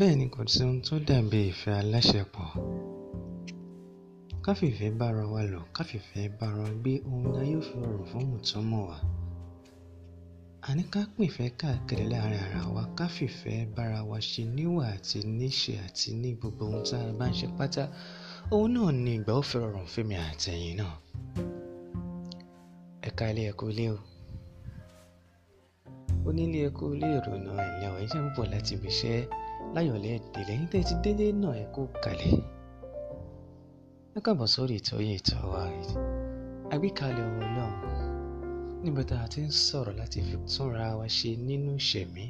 Bẹ́ẹ̀ni kò sí ohun tó dàbí ìfẹ́ aláṣepọ̀. Ká fi ìfẹ́ bá ara wa lò, ká fi ìfẹ́ bá ara wa gbé, òun ni a yóò fi rọrùn fún ìmọ̀túnmọ̀ wa. Àní ká pín ìfẹ́ káàkiri láàárín ara wa, ká fi ìfẹ́ bá wa ṣe níwà àti níṣe àti ní gbogbo ohun tí a bá ń ṣe pátá. Ohun náà ni ìgbà ó fi rọrùn fún èmi àti náà. Ẹ káalẹ́ ẹ ilé o. Onílé ẹ kú ilé ìrònú, ẹ̀lẹ́ o, ẹ̀ ṣé ń bọ̀ láti ibi iṣẹ́ láyọ̀ lẹ́ẹ̀dẹ̀ lẹ́yìn tẹ́ ti délé náà ẹ kó kalẹ̀ ẹ káàbọ̀ sórí ètò yìí ètò wa àgbékalẹ̀ ọ̀rọ̀ náà níbi tá a ti ń sọ̀rọ̀ láti fi túnra wa ṣe nínú ìṣẹ̀mí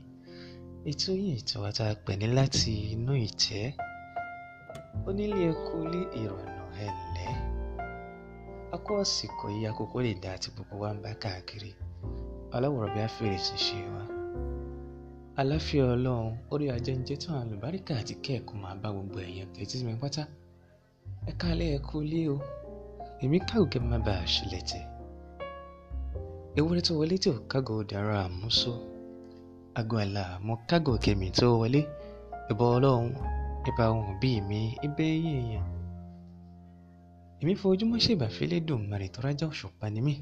ètò yìí ètò wa tá a pè ní láti inú ìtẹ́ onílé ẹkú lé ìrọ̀nà ẹ̀lẹ́ akó àsìkò yìí àkókò lè dá àti gbogbo wa ń bá káàkiri aláwòrán bí a fèrèsé ṣe wa àlàáfíà ọlọ́run orí ajẹ́njẹ́ tán àlùbáríkà àti kẹ́ẹ̀kọ́ máa bá gbogbo èèyàn tẹ̀sí mi pátá ẹ káalẹ́ ẹ kú ilé o èmi káàgùkẹ́ má bàa ṣẹlẹ̀ tẹ̀. ewúrẹ́ tó wọlé tí ò kágò dára àmúso àgọ́ àlà mo kágò kẹ̀mí tó wọlé ìbọ ọlọ́run ìbá ohun òbí mi ibẹ̀ yé èèyàn. èmi fojúmọ́ ṣèbàfẹ́lẹ́ dùn mẹ́rin tó rájà òṣùpá ni mí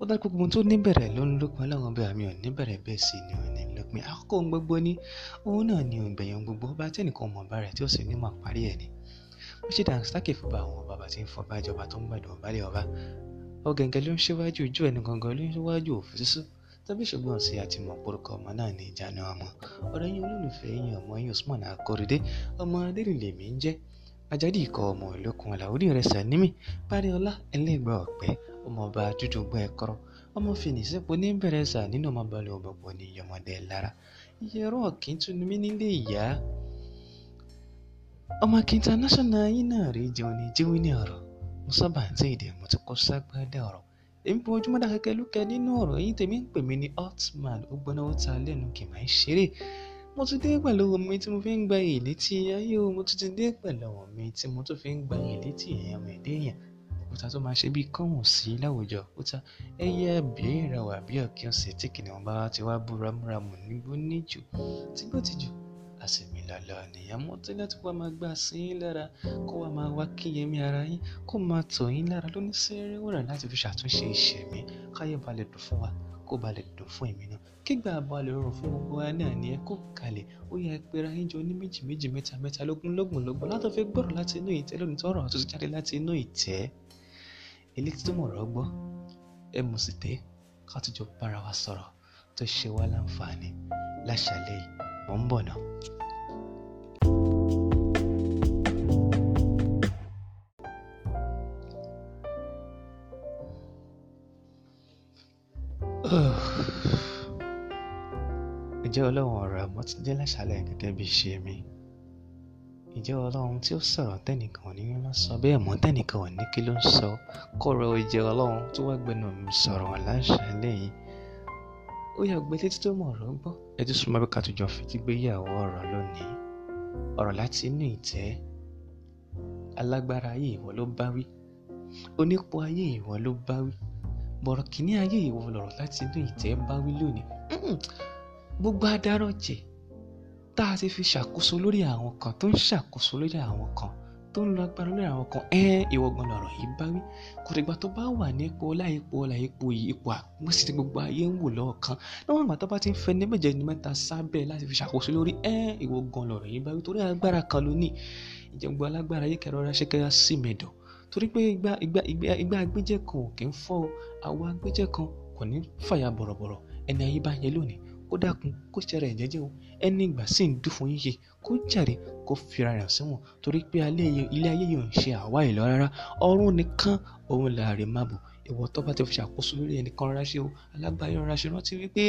ó dá gbogbo tó níbẹ̀rẹ̀ ló ń lókun ọlọ́run bẹ́ẹ̀ mi ò níbẹ̀rẹ̀ bẹ́ẹ̀ sì ni ò ní ìpín àkókò ah, ohun gbogbo ní òun náà ni òun gbẹ̀yìn ohun gbogbo ọba tí ẹnìkan ọmọ ọba rẹ̀ tí ó sì ní mọ̀ parí ẹ̀ ni mo ṣe dànsákè fún bá àwọn bàbá tí ń fọba ìjọba tó ń gbàdùn ọba lé ọba ọ̀gẹ̀ǹgẹ̀ ló ń ṣíwájú ojú ẹni gangan ló ń ṣíwájú òfúsúsú tàbí ṣùgbọ́n sí àti mọ̀ porúkọ ọmọ náà ní ìjánu ọmọ ọ̀rẹ́ yín olólùfẹ́ yín ọmọ yín Usman Akọ́rẹdé ọmọ adérìnlẹ̀ mi ń jẹ́ ajadi ikọ̀ ọmọ ìlókun ọ̀làwúrí rẹ̀ sànímì parí ọlá ẹlẹ́gbẹ́ ọ̀pẹ́ ọmọọba dúdú gbọ́ ẹ̀kọ́rọ́ ọmọ fìnísípò ní bẹ̀rẹ̀ sà nínú ọmọ balẹ̀ ọ̀bọ̀pọ̀ ní ìyọmọdé lára ìyẹ̀rọ kì í tunu mí nílé ìyá ọmọ kìntà náṣọ́nà yín náà rí jẹun ní jẹun ní ọ̀rọ̀ mo sábà ń tẹ́ ìdè mo ti kọ́ ságbádá ọ̀rọ̀ èmi bu ojúmọ́ dá kẹ́kẹ́ lúkẹ́ nínú ọ̀rọ̀ yín tèmi ń pè mí ní altman ó gbóná ó ta lẹ́nu kì máa ń ṣeré mo ti dé pẹ̀lú omi tí mo fi ń gba èyí létí ayé o mo ti dé pẹ̀lú omi tí mo tún fi ń gba èyí létí èèyàn òòtà tó máa ṣe bíi kọ́hùn sí láwùjọ òòtà ẹyẹ bíi ìràwọ̀ àbí ọ̀kí ọ̀sẹ̀ tí kìnìún bá ti wá bú ramúramù nígbó níjù tígbó tìjù àsèmi làlà nìyẹn mú tí láti wá máa gbà sí yín lára kó wá máa wá kíyèmí ara yín kó máa tọ̀ yín lára lóní sẹ́rẹ́wòrán láti fi ṣàtúnṣe ìṣẹ̀mí káyé balẹ̀ dùn fún wa kó balẹ̀ dùn fún èmi kígbà balẹ̀ rọrùn fún gbogbo wa náà ni ẹ kó kalẹ̀ ó yẹ pera yín jọ ní méjì méjì mẹ́ta mẹ́ta lógún lógún lógún látọ̀ fi gbọ́rọ̀ láti inú ìtẹ́ lónìí tọ́rọ̀ àtúntò jáde láti inú ìtẹ́ elétí tó mọ̀rọ̀ gbọ́ ẹ mú sí tẹ́ ká tó jọ bára wa sọ̀rọ̀ tó ṣe wá láǹfààní láṣàlẹ̀ yìí mò ń bọ̀ náà. ǹjẹ́ ọlọ́run ọ̀rọ̀ àmọ́ ti dé láṣàlẹ̀ gẹ́gẹ́ bí ṣe mi. Ìjẹ́ Ọlọ́run tí ó sọ̀rọ̀ tẹ́nìkan ò ní mímọ́ sọ bẹ́ẹ̀ mọ́ tẹ́nìkan ò ní kí ló ń sọ kọ̀rọ̀ ìjẹ́ Ọlọ́run tó wá gbẹnu mi sọ̀rọ̀ láṣà lẹ́yìn. Ó yà gbé títí tó mọ̀ ọ̀rọ̀ gbọ́. Ẹ ti súnmọ́ bí kàtújọ fetí gbéyàwó ọ̀rọ̀ lónìí. Ọ̀rọ̀ láti inú ìtẹ́. Alágbára ayé ìwọ ló bá wí. Onípò ayé ìwọ ló bá wí. Bọ̀rọ̀kìnní ayé ìwọ lọ̀rọ̀ láti inú ìtẹ́ bá wí lónìí. Gbogbo adarọ̀ jẹ̀ tá a ti fi ṣàkóso lórí àwọn kan tó ń ṣàkóso lórí àwọn kan tó ń lo agbára lórí àwọn kan ẹ ìwọ gan lọ̀rọ̀ yìí bá wí kò dìgbà tó bá wà ní ipò ọlá ipò ọlá ipò yìí ipò àmọ́ sì gbogbo ayé ń wò lọ́wọ́ níwọ̀n ìgbà tó bá ti ń fẹ́ ní méje ní mẹ́ta sábẹ́ láti fi ṣàkóso lórí ẹ ìwọ gan lọ̀rọ̀ yìí bá wí torí agbára kan ló ní ìjọba alágbára yìí kẹrọ ra ṣẹkẹrẹ sí mẹdọ torí pé igba igba igba igba agbẹjẹ kan ò kí ń fọ́ àwọn agbẹjẹ kan kò ní fàyà bọ̀rọ̀bọ̀rọ̀ ẹni ayé bá yẹ lónìí kó dákun kó ṣe ara ẹ̀ jẹ́jẹ́ o ẹni ìgbà sì ń dún fún yíyẹ kó jàre kó fira rẹ̀ síwọ̀n torí pé ilé ayé yìí ò ń ṣe àwa ìlọ rárá ọ̀run nìkan òun là rè má bò ìwọ tó bá ti fi ṣàkóso lórí ẹnìkan rárá ṣe o alágbáyọ rárá ṣe rántí wípé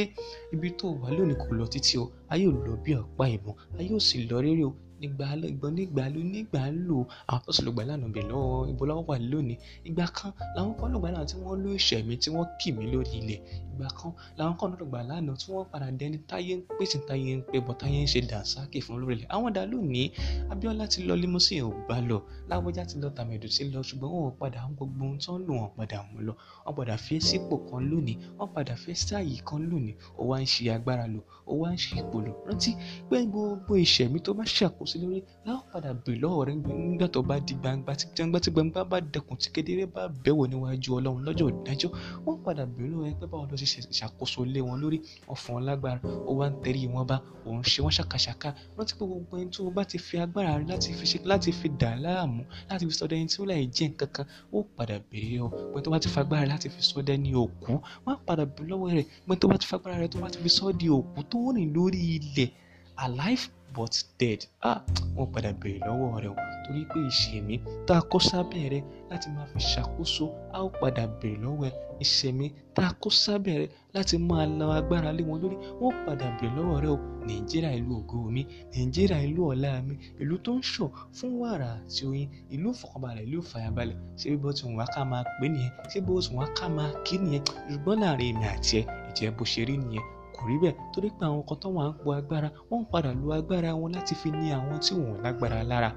ibi tó wà lónìí kò lọ títí o ayé ò lọ bí ọ̀pá ìbọn ayé ò sì lọ réré o ìgbà ìgbọ́n nígbà ló nígbà ń lò àwọn tó sì lọ gbà lánà bẹ̀ lọ́wọ́ ibo láwọn wà lónìí ìgbà kan làwọn kan lọ́gbà lánà tí wọ́n ló ìṣẹ̀mí tí wọ́n kì mí lórí ilẹ̀ ìgbà kan làwọn kan lọ́gbà lánà tí wọ́n padà dẹni táyé ń pèsè táyé ń pè bọ̀ táyé ń ṣe dànsákè fún lórí ilẹ̀ àwọn dà lónìí Abíọ́lá ti lọ limousine ò bá lọ láwọjá ti lọ tàmẹ̀dù ti lọ ṣùgbọ́n wọn padà ń gbogbo ohun tó ń lò wọn padà mú lọ wọn padà fẹ́ sípò kan lónìí wọn padà fẹ́ sáàyè kan lónìí ó wá sí lórí a ó padà bèrè lọ́wọ́ rẹ nígbà tó bá di gbangba tí gbangba tí gbangba bá dẹkùn tí kedere bá bẹ̀wò níwájú ọlọ́run lọ́jọ́ ìdájọ́ wọ́n padà bèrè lọ́wọ́ rẹ pé báwo ló ṣe ṣàkóso lé wọn lórí ọ̀fọ̀n lágbára ó wá ń tẹ̀rí wọn bá òun ṣe wọ́n ṣàkàṣàkà rántí pé gbogbo ẹni tó bá ti fi agbára láti fi ṣe láti fi dà láàmú láti fi sọdẹ tí ó láì jẹ́ nǹkan kan ó padà bèrè lọ́wọ́ rẹ pé tó bá ti fagbára rẹ fi sọ but dead ah wọ́n padà béèrè lọ́wọ́ rẹ̀ o torí pé ìṣẹ̀mí tá a kó sábẹ́ rẹ̀ láti máa fi ṣàkóso a ó padà béèrè lọ́wọ́ ẹ̀ ìṣẹ̀mí tá a kó sábẹ́ rẹ̀ láti máa la agbára lé wọn lórí wọ́n padà béèrè lọ́wọ́ rẹ̀ o nàìjíríà ìlú ògo mi nàìjíríà ìlú ọ̀la mi ìlú tó ń ṣọ̀ fún wàrà àti oyin ìlú ìfọ̀kànbalẹ̀ ìlú ìfàyàbalẹ̀ ṣé bó ti wọ́n ká máa pè nìyẹn ṣé bó ti wọ́n ká máa kí nìyẹn ṣùgbọ́n láàrin èmi àti ẹ ìjẹ́ bó ṣe rí nìyẹn kò rí bẹ́ẹ̀ torí pé àwọn kan tó wà ń po agbára wọ́n ń padà lo agbára wọn láti fi ní àwọn tí wọn lágbára lára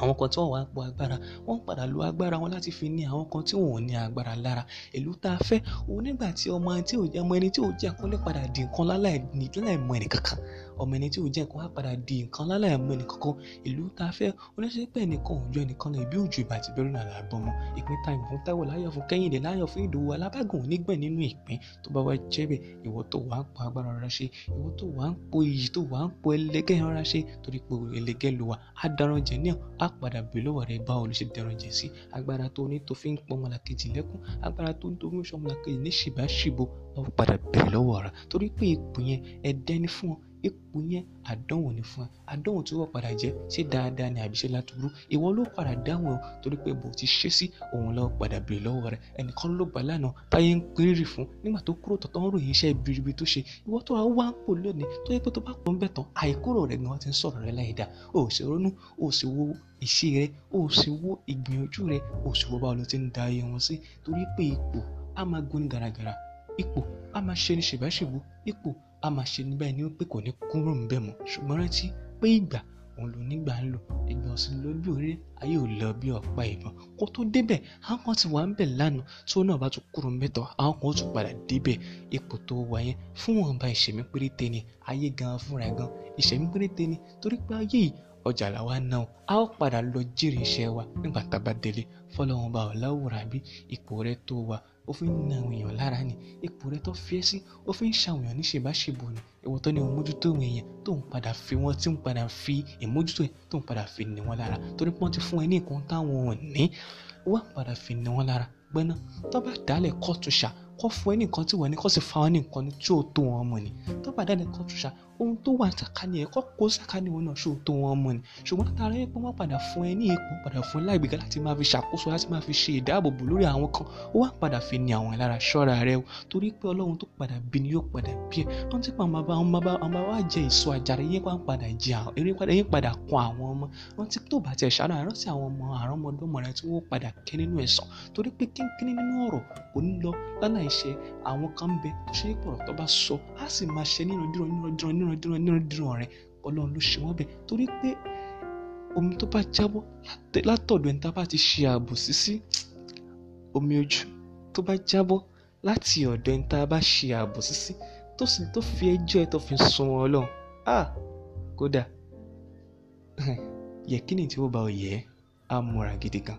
àwọn kan tí wọ́n wà ń po agbára wọ́n ń padà lo agbára wọn láti fi ní àwọn kan tí wọn ò ní agbára lára ìlú tá a fẹ́ òun nígbà tí ọmọ tí ò ọmọ ẹni tí ò jẹ́ nǹkan lè padà di nǹkan láláìmọ̀ ẹnì kankan ọmọ ẹni tí ò jẹ́ nǹkan á padà di nǹkan láláìmọ̀ ẹnì kankan ìlú tá a fẹ́ oníṣẹ́ pẹ́ nìkan òjò ẹnìkan lè bí òjò ìbàtí bẹ́rù náà lábọ́mọ ìpín táìmù fún Táíwò láyọ̀ fún Kẹ́hìndé láyọ̀ fún Ìdòwú alábàgùn onígbọ̀n nínú ìpín tó bá wá jẹ́ bẹ̀ ìwọ tó wà ń po agbára ara ṣe ìwọ tó wà ń po iyì tó wà ń po ẹlẹgẹ́ ara ṣe torí pé ẹlẹgẹ́ ló wà á darán jẹ ní á padà bèèrè lọ́wọ́ rẹ̀ báwo ló ṣe dẹran jẹ sí agbára tó ní tó fi ń pọ́n ọmọlàkejì lẹ́kún agbára tó ní tó fi ń ṣọmọlàkejì ní ṣìbáṣìbo ó padà bẹ̀rẹ̀ lọ́wọ́ ara torí pé ipò yẹn ẹ̀dẹ́ ni fún ọ ipò yẹn àdánwò ni fún ẹ àdánwò tí wọ́n padà jẹ́ ṣé dáadáa ni àbí ṣe látúrú ìwọ ló padà dáhùn ẹ torí pé bò ti ṣe sí òun lọ́wọ́ padà bèrè lọ́wọ́ rẹ ẹnìkan ló gbà lánàá táyé ń pérè fún nígbà tó kúrò tọ̀tọ̀ ń ròyìn iṣẹ́ ibiribi tó ṣe ìwọ tó wá wá ń pò lónìí tó yẹ pé tó bá pò ń tán àìkúrò rẹ̀ gan ti ń sọ̀rọ̀ rẹ láìda o ò sì ronú o ò sì wo ìṣe rẹ o ò sì wo ìgbìyànjú rẹ o ò sì wo báwo ló ti ń da ayé wọn sí torí pé ipò á máa gún ní garagara ipò a máa ṣe ni ṣèbáṣèbú ipò a máa ṣe ni báyìí ni pé kò ní kúrò níbẹ̀ mọ́ ṣùgbọ́n rántí pé ìgbà òun ló nígbà ń lò ìgbà ọ̀sìn ló bí orí ayé ò lọ bí ọ̀pá ìbọn kó tó débẹ̀ àwọn kan ti wà ń bẹ̀ lánàá tí ó náà bá tún kúrò mẹ́tọ̀ àwọn kan ó tún padà débẹ̀ ipò tó wà yẹn fún wọnba ìṣẹ̀mí péréte ni ayé gan fúnra gan ìṣẹ̀mí péréte ni torí pé ayé yìí ọjà làwa náà a ó padà lọ jèrè iṣẹ́ wa nígbà tá a bá délé fọlọ́wọn bá ọ̀làwùrà bí ipò rẹ tó wà ó fi ń na àwọn èèyàn lára ni ipò rẹ tó fi ẹ́ sí ó fi ń ṣàwọn èèyàn ní ṣèbáṣebò ni ìwọ tó ní òun mójútó àwọn èèyàn tó ń padà fi wọn tí ń padà fi ìmójútó ẹ tó ń padà fi ní wọn lára torí pé wọ́n ti fún ẹ ní nǹkan táwọn ò ní wọ́n padà fi ní wọn lára gbẹ́ná tó bá dálẹ̀ kọ́ọ̀tù ṣá kọ́ fún ẹ ní nǹkan tí wọ́n ní kó sì fa wọn ní nǹkan tí ò tó wọn mọ̀ ni tó bá dálẹ̀ kọ́ọ̀tù ṣá ohun tó wà sàkání ẹ̀ kọ́kọ́ sàkání wọn náà ṣòótó wọn mọ̀ ni ṣùgbọ́n látara wípé wọ́n padà fún ẹ ní ipò padà fún ẹ láìgbéga láti máa fi ṣàkóso láti máa fi ṣe ìdáàbòbò lórí àwọn kan ó wá padà fi ní àwọn lára ṣọ́ra rẹ o torí pé ọlọ́run tó padà bí ni yóò padà bí ẹ wọ́n ti pa àwọn ọmọ wa jẹ èso àjàrà yín pa padà jẹ àwọn yín padà kọ àwọn ọmọ wọ́n ti tó bàtẹ̀ ṣáná àrán sí àwọn dírandíran dírandíran rẹ ọlọ́run ló ṣe wọ́n bẹ̀ torí pé omi tó bá jábọ́ látọ̀dọ̀ ẹni tá a bá ti ṣe àbòsí sí omi ojú tó bá jábọ́ láti ọ̀dọ̀ ẹni tá a bá ṣe àbòsí sí tó sì tó fi ẹjọ́ ẹ tó fi sun wọn ọlọ́run ah kódà yẹ̀kínì tí ó bá ọ yẹ á múra gidi gan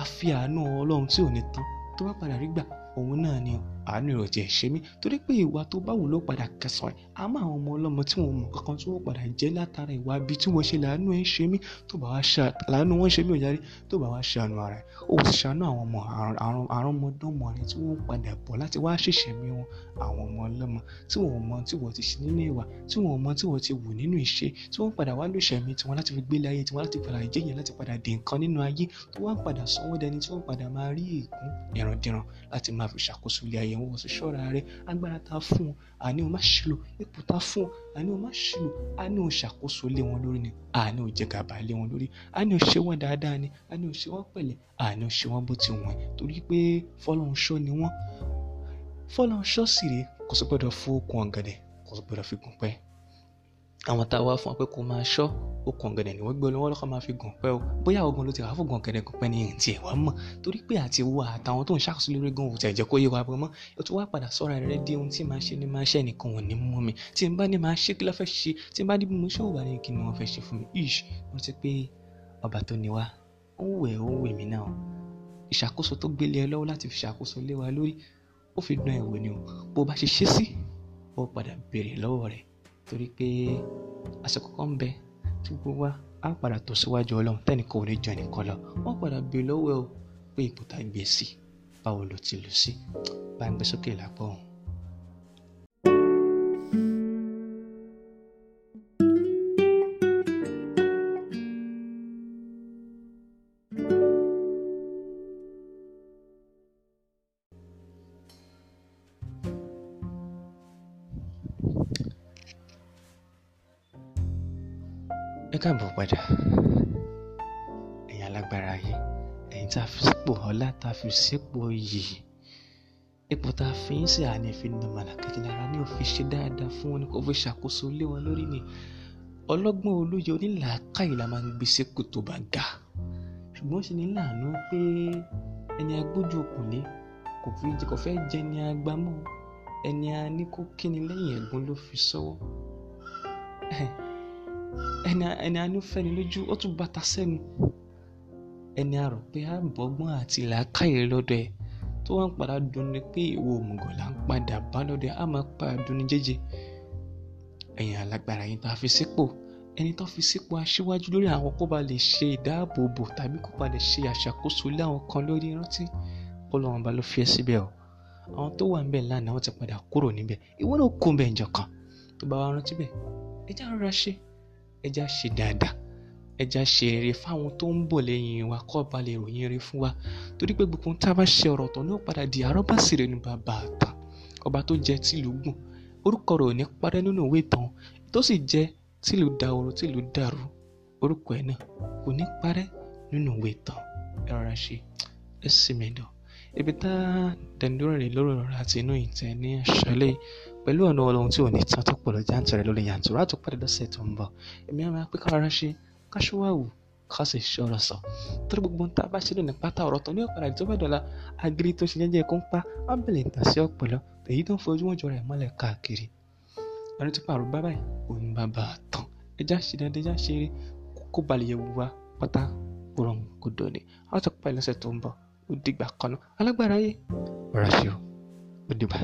a fi àánú ọlọ́run tí ò ní tán tó bá padà rí gbà òun náà ni o àánú rẹ̀ jẹ́ ṣe mí torí pé ìwà tó bá wù ló padà kẹsàn ẹ̀ àmọ́ àwọn ọmọ ọlọ́mọ tí wọ́n mọ̀ kankan tí wọ́n padà jẹ́ látara ìwà bíi tí wọ́n ṣe làánú ẹ̀ ṣe mí tó bá wá ṣe làánú wọn ṣe mí òjáde tó bá wá ṣe àánú ara ẹ̀ ó sì ṣàánú àwọn ọmọ àrùn ọmọdọ́mọ rẹ̀ tí wọ́n padà bọ̀ láti wá ṣèṣẹ́ mi wọn àwọn ọmọ ọlọ́mọ tí wọ́n mọ tí wọ́n ti ṣe nínú ìwà tí wọ́n mọ tí wọ́n ti wù nínú ìṣe tí wọ́n padà wá lóṣèmí tí wọ́n láti fi gbélé ayé tí wọ́n láti padà jẹ́ yẹn láti padà dé nǹkan nínú ayé tó wá padà sanwó dẹni tí wọ́n padà máa rí ègún ìrandíran láti máa fi ṣàkóso ilé ayé ìyàwó ọ̀sẹ̀ ṣọ́ra rẹ agbára ta fún ọ àní o má ṣìlò ipò ta fún ọ àní o má ṣìlò àní o ṣàkóso lé wọn lórí ni àní o jẹ gàba lé wọn lórí àní o ṣe wọn dáadáa ni àní o ṣe wọn pẹ̀lẹ́ àní o ṣe wọn bó ti wọn torí pé fọlọ́run ṣọ́ ni wọ́n fọlọ́run ṣọ́ sì rèé kò sì gbọ́dọ̀ fún okùn ọ̀gẹ̀dẹ̀ kò sì gbọ́dọ̀ fi gùn pẹ́ẹ́ àwọn tá a wá fún wa pé kó máa ṣọ́ okùn ọ̀gẹ̀dẹ̀ ni wọ́n gbé olówó lọ́kọ́ máa fi gùn pẹ́ o bóyá ogun ló ti rà fún gùn ọ̀gẹ̀dẹ̀ gùn pẹ́ ni ìrìn tiẹ̀ wá mọ̀ torí pé àti wo àtàwọn tó ń ṣàkóso lórí gan òtẹ̀ jẹ́ yé wa bọ́ mọ́ o tún wá padà sọ́ra rẹ di ohun tí màá ṣe ni màá ṣe nìkan wọ̀n ní mú mi tí n bá ní màá ṣe kí ló fẹ́ ṣe tí n bá ní mo ṣe wà ní kí ni wọ́n fẹ́ ṣe fún mi ish mo ti pé ọba tó ni wá ó wẹ̀ ó wẹ̀ mí náà ìṣàkóso tó gbélé ẹ lọ́wọ́ láti fi ṣàkóso lé wa lórí ó fi dán ẹ̀wò ni o bó bá ṣe ṣe sí ó padà béèrè lọ́wọ́ rẹ̀ torí pé àsìkò kan ń bẹ tí gbogbo wa á padà tó síwájú ọlọ́run tẹ́nìkan ò ní jọ ẹnìkan lọ wọ́n padà bí lọ́wọ́ ẹ o pé ipò tá a gbé sí báwo ló ti lù sí bá ń gbé sókè lápò ọ̀hún. káàbọ̀ padà ẹ̀yin alágbára ayé ẹ̀yin tá a fi sípò ọlá tá a fi sípò yìí ipò tá a fi ń sè àní ìfinimọ̀nà kẹtìlára ní òfin ṣe dáadáa fún wọn ni kò fi ṣàkóso lé wọn lórí ni ọlọ́gbọ́n olóye onílàákàyè la máa ń gbé sípò tó bá ga ṣùgbọ́n ṣe ni láàánú pé ẹni agbójú òkùnlé kò fi kò fẹ́ jẹ ẹni agbámọ́ ẹni a kíni lẹ́yìn ẹ̀gbọ́n ló fi sọ́wọ́ ẹni ẹni anú fẹ́ni lójú ó tún bàtà sẹ́nu ẹni àrò pé à ń bọ́gbọ́n àti làákàyè lọ́dọ̀ ẹ̀ tó wá ń padà dunni pé ìwọ òmùgọ̀ là ń padà bá lọ́dọ̀ ẹ̀ á máa padà dunni jẹ́jẹ́ ẹ̀yìn alágbára yìí tá a fi sípò ẹni tó fi sípò aṣíwájú lórí àwọn kó ba lè ṣe ìdáàbòbò tàbí kó ba lè ṣe àṣàkóso ilé àwọn kan lórí rántí kọlọ́wọ́n ba ló fi ẹ́ síbẹ̀ o àwọn tó wà níbẹ̀ lánàá wọ́n ti padà kúrò níbẹ̀ ìwọ náà kó bẹ̀ ǹjọ̀ kan tó bá wa rántí bẹ̀ ẹ já rọra ṣe ẹ já ṣe dáadáa ẹ já ṣe rere fáwọn tó ń bọ̀ lẹ́yìn wa kọ́ ba lè ròyìn rere fún wa torí pé gbogbo tá a bá ṣe ọ̀rọ̀ tán ní ó padà di àrọ́bá sì rẹ̀ ní bàbá àtà ọba tó jẹ́ tìlú gùn orúkọ rẹ̀ ò ní parẹ́ nínú ìwé ìtàn tó sì jẹ́ tìlú dahoro tìlú dàrú orúkọ ẹ̀ náà kò ní parẹ́ nínú ìwé ìtàn ẹ rọra ṣe ẹ sì mẹ́dọ̀ ibi tá dẹ̀ndúrà rẹ̀ lọ́rọ̀ rẹ̀ àti inú ìtẹ́ ní àṣálẹ́ pẹ̀lú ọ̀nà ọlọ́run tí ò ní tán tó pọ̀ lọ jáǹtọ̀ rẹ̀ lórí yàǹtọ̀ rà tó pàdé lọ́sẹ̀ tó ń bọ̀ èmi á máa pé ká rárá ṣe ká ṣọ́wá wù ká sì ṣọ́ra sọ torí gbogbo nta bá ṣe lónìí pátá ọ̀rọ̀ tó ní ọ̀padà tó bá dọ̀la agiri tó ṣe jẹ́jẹ́ kó ń pa á bẹ̀lẹ̀ ń tàn sí ọ̀pọ̀lọ èyí tó ń fojú wọn jọra ẹ̀ mọ́lẹ̀ káàkiri ẹni tó pààrọ̀ bá báyìí òun bàbá tán ẹja ṣe dandan ẹja ṣe eré kó balẹ̀ yẹ wá pátá kúrọ̀n kò dọ̀ni a tó pa tó ń bọ̀ ó dìgbà kan alágbára yé ọ̀rọ̀ ṣe ó dìgbà.